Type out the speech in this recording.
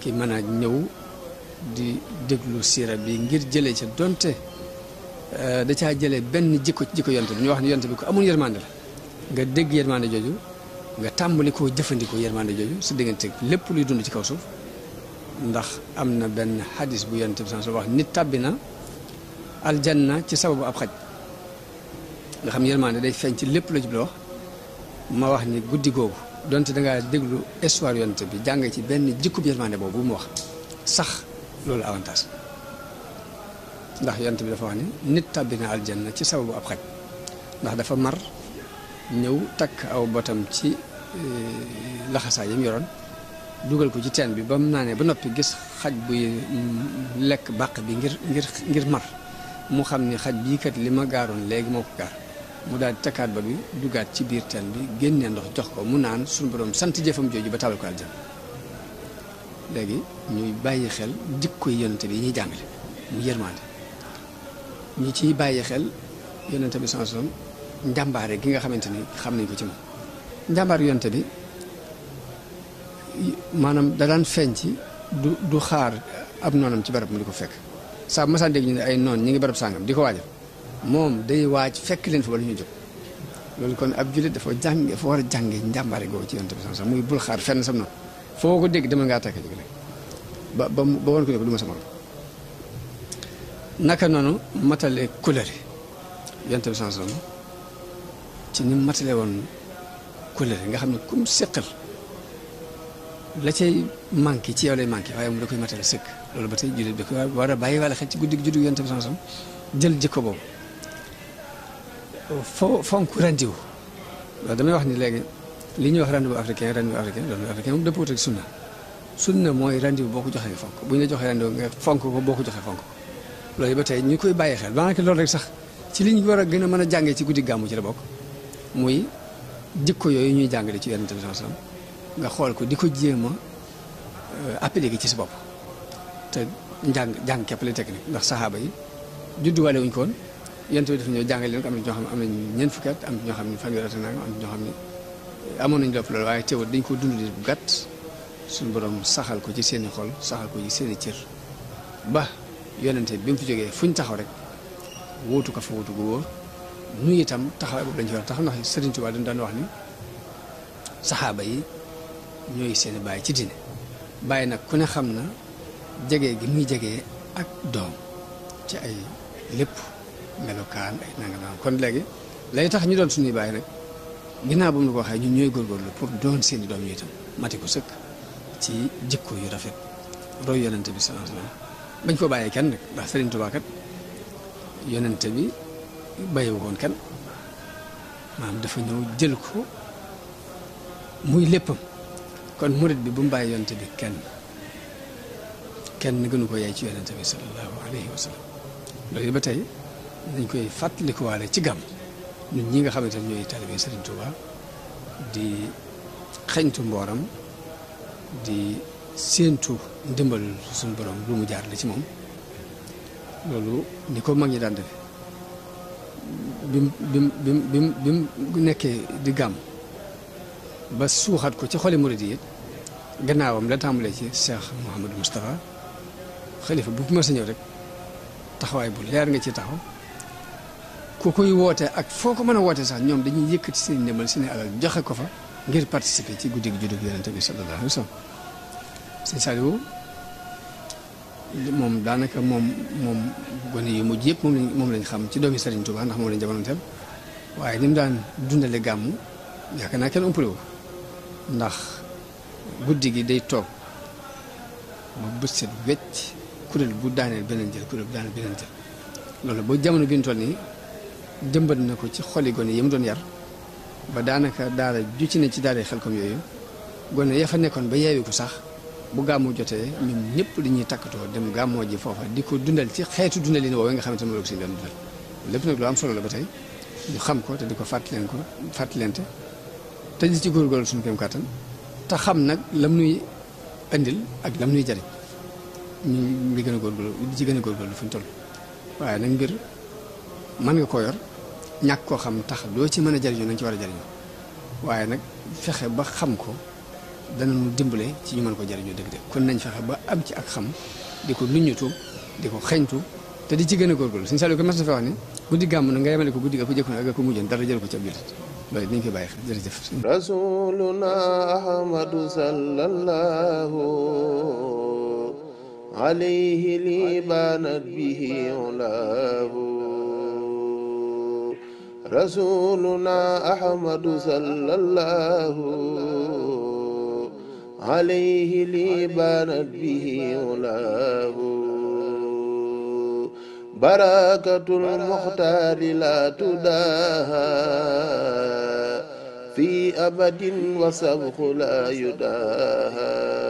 ki mën a ñëw di déglu siira bi ngir jëlee ca donte euh, da caa jëlee benn jikko jikko yonte bi ñu wax ne yonte bi ko amul yërmande la nga dégg yërmande jooju nga tàmbali koo jëfandikoo yërmande jooju sa diggante lépp luy dund ci kaw suuf ndax am na benn xadis bu yonte bi sans wax nit tàbbi na aljanna ci sababu ab xaj nga xam yërmande day feeñ ci lépp lu jub wax ma wax ni guddi googu donte da ngaa déglu histoire yonent bi jàng ci benn jikko bi yërmande boobu mu wax sax loolu avantage ndax yonent bi dafa wax ni nit tàbbi na na ci sababu ab xaj ndax dafa mar ñëw takk aw botam ci eh, laxasaay yi mu yoroon dugal ko ci teen bi ba mu naanee ba noppi gis xaj buy mm, lekk bàq bi ngir ngir ngir mar mu xam ni xaj bii kat li ma gaaroon léegi moo ko gaar mu daal di takkaat ba bi duggaat ci biir ten bi génnee ndox jox ko mu naan suñu borom sant jëfam jooju ba tabal ko aljana léegi ñuy bàyyi xel jikko yonente bi yi ñuy jàngale mu yërmaande ñu ciy bàyyi xel yonente bi sans son njàmbaare gi nga xamante ni xam nañ ko ci moom njàmbaar yonente bi maanaam da daan feeñ ci du du xaar ab noonam ci barab mu di ko fekk saa bu ma saan dégg ñu ne ay noon ñu ngi barab sàngam di ko waajal moom day waaj fekk leen foo ba lu ñuy jóg loolu kon ab jullit dafa jàng dafa war a jànge njàmbaare googu ci yonent bi sax muy bul xaar fenn sam na foo ko dégg dama ngaa takk jóg ba ba ba woon ko ne naka noonu matale couleur yi yonent bi sax ci ni matale woon couleur yi nga xam ne kum seqal la cay manqué ci yow lay manqué waaye moom da koy matale sëkk loolu ba tey jullit bi ko war a bàyyi wala xel ci guddi gi juddu yonent bi sax jël jikko boobu. fo fonk rendez-vous loolu damay wax ni léegi li ñuy wax rendez-vous africain rendez-vous africain rendez-vous africain moom dëppoo ak sunna sunna mooy rendez-vous boo ko joxee fonk bu ñu la joxee rendez-vous nga fonk ko boo ko joxee fonk loolu ba tey ñu koy bàyyi xel ba loolu rek sax ci li ñu war a gën a mën a jàngee ci guddi gàmmu ci la bokk muy jikko yooyu ñuy jàngale ci yonent bi sallallahu nga xool ko di ko jéem a euh, appliquer ci sa bopp te njàng jàng képp la technique ndax saxaaba yi judduwaale wuñ ko yéen tamit dafa ñëw jàngale leen am na ñoo xam ne am nañ ñeent fukki at am ñoo xam ne fanweeri am ñoo xam ne amoon nañu lépp loolu waaye teewul dañ ko dund bu gàtt suñu borom saxaal ko ci seen i xol saxal ko ci seen i cër ba yonente bi mu fi jógee fu ñu taxaw rek wóotu ko fa wóotu gu wóor itam taxawaay boobu lañ ci war a taxaw ndax Sëriñ Tuubaa dañ daan wax ni saxaaba yi ñooy seeni i bàyyi ci dine bàyyi nag ku ne xam na jege gi muy jege ak doom ci ay lépp. melokaan ay nangam kon léegi lay tax ñu doon suñuy bàyyi rek ginnaaw bu mu la ko waxee ñu ñooy góorgóorlu pour doon seen i doom yi itam mati ko sëkk ci jikko yu rafet roy yonente bi sallallahu alayhi wasallam bañ ko bàyyee kenn nag ndax Serigne Touba kat yonente bi bàyyiwu koon kenn maanaam dafa ñëw jël ko muy léppam kon murit bi bu bàyyi yonente kenn kenn gënu ko yaay ci yonente bi sallallahu alayhi wasallam loolu ba tey dañ koy fàttalikuwaale ci gàmm ñun ñii nga xamante ne ñooy talibé Serigne Touba di xeñtu mbooram di séentu ndimbal suñu borom lu mu jaar la ci moom loolu ni ko mag ñi daan defe bim bim bim bim bim nekkee di gàmm ba suuxat ko ci xoli murid yi gannaawam la tàmbalee ci Cheikh Mouhamadou Moustapha xalifa bu fi ma sa ñëw rek taxawaay bu leer nga ci taxaw ku koy woote ak foo ko mën a woote sax ñoom dañuy yëkkati seen ndimbal seen alal joxe ko fa ngir participer ci guddi gi juddug yonent bi sallallahu alayhi wa sallam sëñ Saliou moom daanaka moom moom gone yu mujj yëpp moom lañ xam ci doomi Serigne Touba ndax moom lañ jamono teel waaye ni mu daan dundale gàmmu yaakaar naa kenn umpale wu ndax guddi gi day toog ba bët set wecc kuréel bu daaneel beneen jël kuréel bu daaneel beneen jël loolu ba jamono bi ñu nii jëmbat na ko ci xoli gone yi mu doon yar ba daanaka daara ju ci ne ci daara Xelcom yooyu gone ya fa nekkoon ba yeewi ko sax bu gàmmu jotee ñun ñëpp ñuy takkatoo dem gàmmoo ji foofa di ko dundal ci xeetu dundalin woowu nga xamante ne moom la ko si doon dundal lépp nag lu am solo la ba tey ñu xam ko te di ko leen ko fàttalente te di ci góorgóorlu suñu kéem kàttan te xam nag lam nuy indil ak lam nuy jariñ ñu ngi gën a góorgóorlu di ci gën a góorgóorlu toll waaye nag mbir mën nga koo yor ñàkk koo xam tax doo ci mën a jariñoo nañ ci war a jariñoo waaye nag fexe ba xam ko danañu dimbale ci ñu mën ko jariñoo dëgg-dëgg kon nañ fexe ba am ci ak xam di ko nuññutu di ko xeñtu te di ci gën a góorgóorlu suñu sàllu ko mas na fa wax ni guddi gàmm na nga yemale ko guddi ga ko jëkkoon ak ko mujjoon dara jël ko ci ab jullit loolu it nañ koy bàyyi xel jërëjëf rasuluna ahmadu sallallahu alayhi li banat bihi ulahu رسولنا أحمد صلى الله عليه لي بانت به أولاه بركة المختار لا تداها في أبد وسبق لا يداها